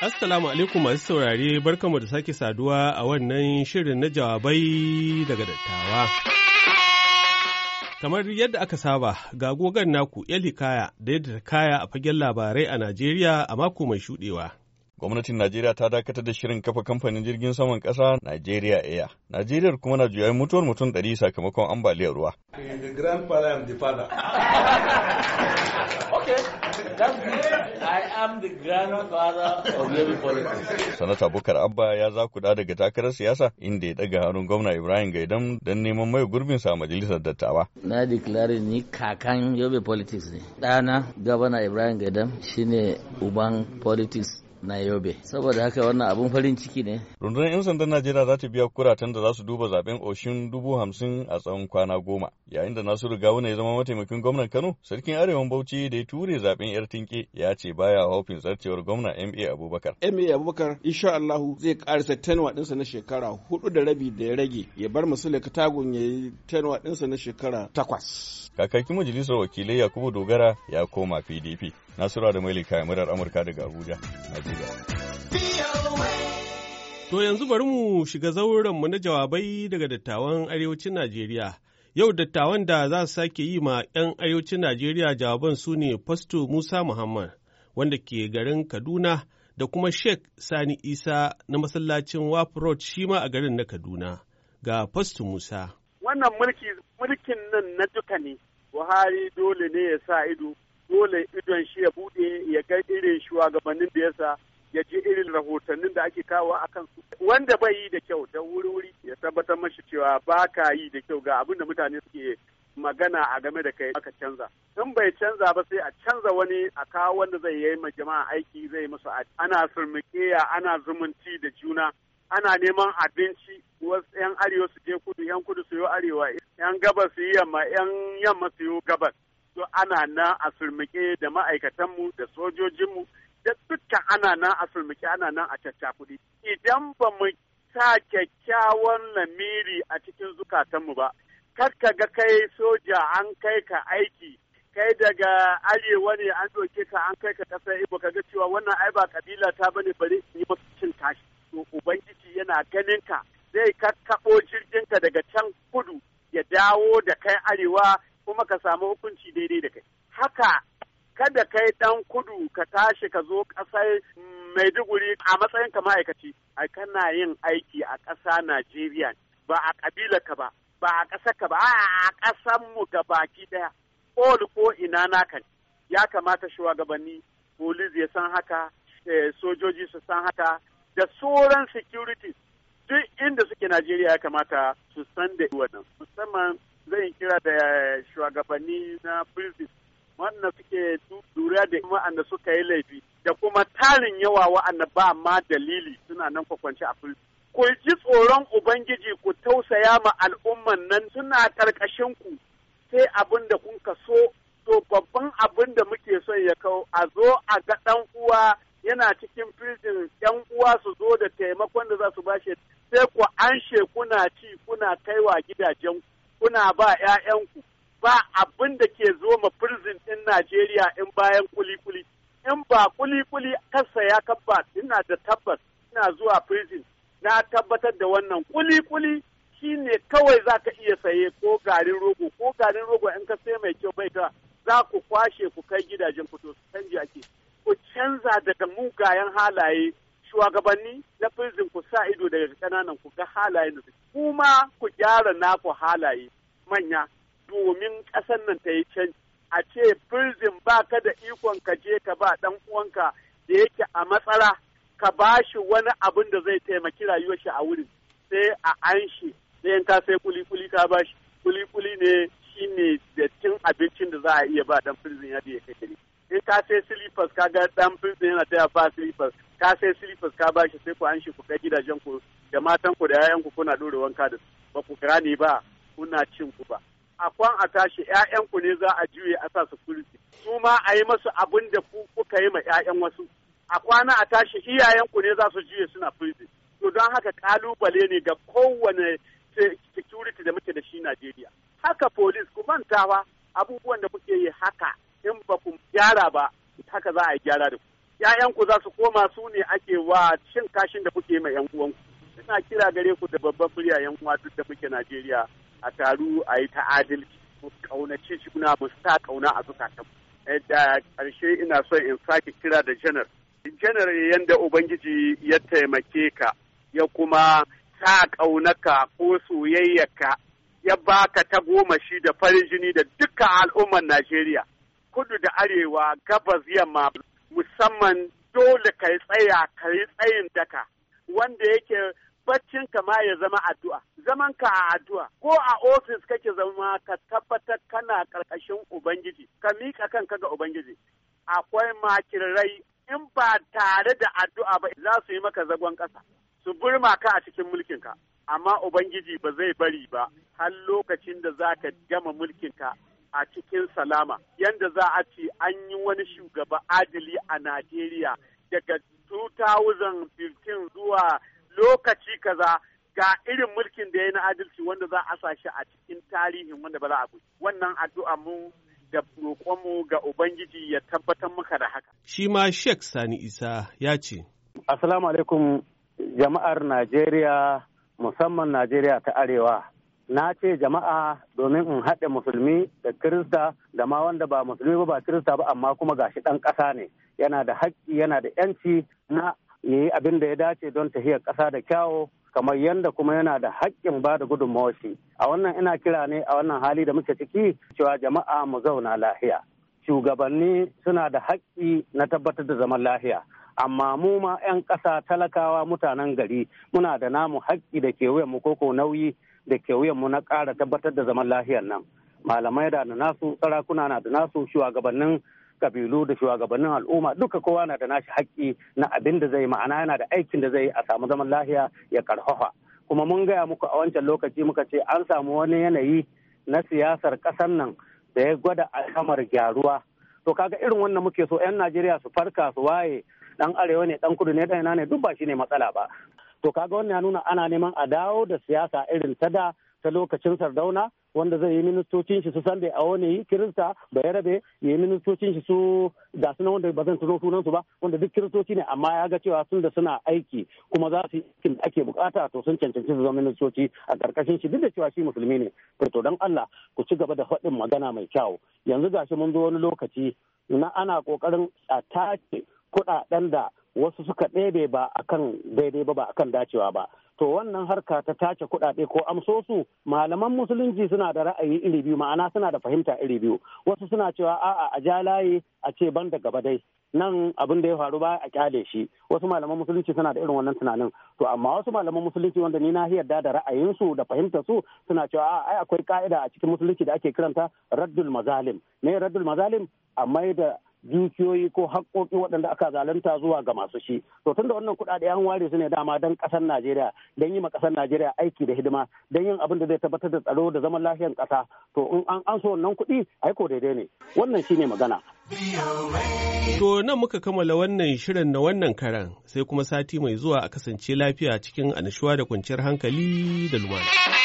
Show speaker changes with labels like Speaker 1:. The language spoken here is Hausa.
Speaker 1: Assalamu alaikum masu saurare barkanmu da sake saduwa a wannan shirin na jawabai daga dattawa. Kamar yadda aka saba, ga gogon naku ya Kaya da yadda ta kaya a fagen labarai a Najeriya a mako mai shuɗewa. gwamnatin Najeriya ta dakatar da shirin kafa kamfanin jirgin saman ƙasa Nigeria Air. Najeriya kuma na juyayin mutuwar mutum ɗari sakamakon ambaliyar ruwa. Sanata Bukar Abba ya za da daga takarar siyasa inda ya daga hannun gwamna Ibrahim Gaidam don neman mai gurbin sa a majalisar dattawa.
Speaker 2: Na declare ni kakan yobe politics ne. Ɗana gabana Ibrahim Gaidam shine uban politics na Yobe. Saboda haka wannan abun farin ciki ne. Rundunar
Speaker 1: 'yan sandan Najeriya za ta biya kuratan da za su duba zaben Oshin dubu hamsin a tsawon kwana goma. Yayin da Nasiru Gawuna ya zama mataimakin gwamnan Kano, sarkin arewa Bauchi da ya ture zaben 'yar tinke ya ce baya haufin zartewar gwamna MA Abubakar. MA Abubakar insha Allahu zai karisa tenwa ɗinsa na shekara hudu da rabi da ya rage ya bar Musule Katagun ya yi tenwa ɗinsa na shekara takwas. Kakakin majalisar wakilai Yakubu Dogara ya koma PDP. Nasura da Mailika murar Amurka daga Abuja, Najeriya. To yanzu bari mu shiga zauren mu na jawabai daga dattawan arewacin Najeriya. Yau dattawan da za su sake yi ma 'yan arewacin Najeriya jawaban su ne Fasto Musa Muhammad wanda ke garin Kaduna da kuma Sheikh Sani Isa na masallacin wafrot shi ma a garin na Kaduna. Ga Fasto Musa.
Speaker 3: Wannan mulki mulkin nan na duka ne. Buhari dole ne ya sa ido dole idon shi ya bude ya ga irin shugabannin da yasa ya ji irin rahotannin da ake kawo a kan su. wanda bai yi da kyau da wuri-wuri ya tabbatar mashi cewa ba ka yi da kyau ga abin da mutane suke magana a game da kai aka canza in bai canza ba sai a canza wani a kawo wanda zai yi ma jama'a aiki zai musu ana surmiƙeya ana zumunci da juna ana neman abinci wasu 'yan arewa su je kudu 'yan kudu su yi arewa 'yan gabas su yi yamma 'yan yamma su yi gabas so ana nan a surmuke da ma'aikatanmu da sojojinmu da dukkan ana nan a surmuke ana nan a caccakuɗi idan ba mu sa kyakkyawan lamiri a cikin zukatanmu ba kar ka ga kai soja an kai ka aiki kai daga arewa ne an doke ka an kai ka kasar ibo ka ga cewa wannan ai ba kabila ta bane bari in yi masu cin tashi to ubangiji yana ganin ka zai kakkaɓo jirginka daga can kudu ya dawo da kai arewa kuma ka samu hukunci daidai da kai haka kada kai ɗan kudu ka tashi ka zo ƙasar maiduguri a matsayin ka ma'aikaci a kana yin aiki a ƙasa najeriya ba a ƙabilar ka ba ba a ƙasar ka ba a ƙasar mu ga baki ɗaya all ko ina naka ya kamata shugabanni polis ya san haka eh, sojoji su san haka da sauran security duk inda suke Najeriya ya kamata su san da wannan musamman zai kira da shugabanni na prison wanda suke lura da wa'anda suka yi laifi da kuma tarin yawa wa'anda ba ma dalili suna nan kwakwance a prison. Ku ji tsoron Ubangiji ku tausaya ma al'umman nan suna ƙarƙashin ku sai abin da kun so to babban abin da muke son ya kawo, a zo a ga ɗan uwa yana cikin prison yan uwa su zo da taimakon da za su bashi sai ku anshe kuna ci kuna kaiwa gidajen ku kuna ba 'ya'yanku ba abin da ke zo ma firzin ɗin Najeriya in bayan kuli-kuli. In ba kuli-kuli kansa ya kaba ina da tabbas ina zuwa firzin na tabbatar da wannan kuli-kuli shi ne kawai za ka iya saye ko garin rogo ko garin rogo in ka sai mai kyau bai ta za ku kwashe ku kai gidajen fito canji ake ku canza daga mugayen halaye shugabanni na prison ku sa ido daga kananan ku ga halayen da kuma ku gyara naku halaye manya domin ƙasar nan ta yi canji a ce prison ba ka da ikon ka je ka ba dan uwanka da yake a matsala ka ba shi wani abin da zai taimaki rayuwar shi a wurin sai a an shi sai ka sai kuli kuli ka ba shi kuli kuli ne shine dattin abincin da za a iya ba dan prison ya ya kai in ka sai silifas ka ga dan prince yana taya ba silifas ka sai silifas ka ba shi sai ku an shi ku kai gidajen ku da matan ku da yayan ku kuna dore wanka da su ba ku gane ba kuna cin ku ba a kwan a tashi yayan ku ne za a juye a sa security su ma a yi masu abin da ku kuka yi ma 'ya'yan wasu a kwana a tashi iyayen ku ne za su juye suna prison to don haka kalubale ne ga kowane security da muke da shi Najeriya haka police ku mantawa abubuwan da kuke yi haka in ba ku gyara ba haka za a yi gyara da ku ƴaƴanku za su koma su ne ake wa cin kashin da kuke ma yan uwanku ina kira gare ku da babban murya yan uwa duk da muke Najeriya a taru a yi ta adalci mu kaunaci juna mu sa kauna a zukatanmu da ƙarshe ina so in sake kira da janar janar yadda ubangiji ya taimake ka ya kuma sa ƙaunaka ko soyayyaka ya baka ta goma shi da farin jini da dukkan al'ummar Najeriya. Kudu da arewa gabas yamma musamman dole ka yi tsaya ka yi tsayin daka wanda yake baccin ka ma ya zama addu'a zaman ka a addu'a ko a ofis kake zama ka tabbatar kana karkashin ubangiji ka miƙa kanka ga ubangiji akwai makirai in ba tare da addu'a ba za su yi maka zagon ƙasa su burma ka a cikin mulkinka amma Ubangiji ba zai bari ba har lokacin da za ka gama mulkinka a cikin salama yadda za a ce an yi wani shugaba adali a Najeriya daga 2015 zuwa lokaci kaza ga irin mulkin da ya yi na adalci wanda za a sa shi a cikin tarihin wanda ba za a guji wannan addu'a mu da roƙonmu ga Ubangiji ya tabbatar muka da haka.
Speaker 1: Shi ma Sheikh Sani Isa ya ce.
Speaker 2: Assalamu alaikum jama'ar Najeriya musamman Najeriya ta Arewa. Na ce jama'a domin in haɗe musulmi da Kirista da ma wanda ba musulmi ba ba Kirista ba amma kuma shi ɗan ƙasa ne. Yana da haƙƙi yana da ‘yanci na yi abin da ya dace don tahiyar ƙasa da kyawo kamar yadda kuma yana da haƙƙin ba da gudunmawar shi. A wannan ina kira ne a wannan hali da muke ciki cewa jama'a mu zauna lahiya. Shugabanni suna da haƙƙi na tabbatar da zaman lahiya. amma mu ma 'yan ƙasa talakawa mutanen gari muna da namu haƙƙi da kewayenmu ko nauyi da kewayenmu na ƙara tabbatar da zaman lahiyar nan malamai da nasu sarakuna na da nasu shugabannin kabilu da shugabannin al'umma duka kowa na da nashi haƙƙi na abin da zai ma'ana yana da aikin da zai a samu zaman lafiya ya karfafa kuma mun gaya muku a wancan lokaci muka ce an samu wani yanayi na siyasar ƙasar nan da ya gwada alhamar gyaruwa to kaga irin wannan muke so 'yan najeriya su farka su waye dan arewa ne dan kudu ne dan ina ne duk ba shine matsala ba to kaga wannan ya nuna ana neman a dawo da siyasa irin ta da ta lokacin sardauna wanda zai yi ministocin shi su sande a wani kirista Ba ya yi ministocin shi su ga suna wanda ba zan tuno sunan su ba wanda duk kiristoci ne amma ya ga cewa sun da suna aiki kuma za su yi ake bukata to sun cancanci su zama ministoci a karkashin shi duk da cewa shi musulmi ne to dan Allah ku ci gaba da faɗin magana mai kyau yanzu gashi mun zo wani lokaci na ana kokarin a tace kuɗaɗen da wasu suka ɗebe ba a kan daidai ba ba kan dacewa ba to wannan harka ta tace kuɗaɗe ko amso su malaman musulunci suna da ra'ayi iri biyu ma'ana suna da fahimta iri biyu wasu suna cewa a'a a ja layi a ce ban da gaba dai nan abin da ya faru ba a kyale shi wasu malaman musulunci suna da irin wannan tunanin to amma wasu malaman musulunci wanda ni na yarda da ra'ayinsu da fahimtar su suna cewa a'a ai akwai ka'ida a cikin musulunci da ake kiranta raddul mazalim me raddul mazalim a mai dukiyoyi ko haƙƙoƙi waɗanda aka zalunta zuwa ga masu shi to tunda wannan kuɗaɗe an ware su ne dama don ƙasar Najeriya don yi ma ƙasar Najeriya aiki da hidima don yin abin da zai tabbatar da tsaro da zaman lafiyar ƙasa to in an an so wannan kuɗi aiko daidai ne wannan shine magana
Speaker 1: to nan muka kammala wannan shirin na wannan karan sai kuma sati mai zuwa a kasance lafiya cikin annashuwa da kwanciyar hankali da lumana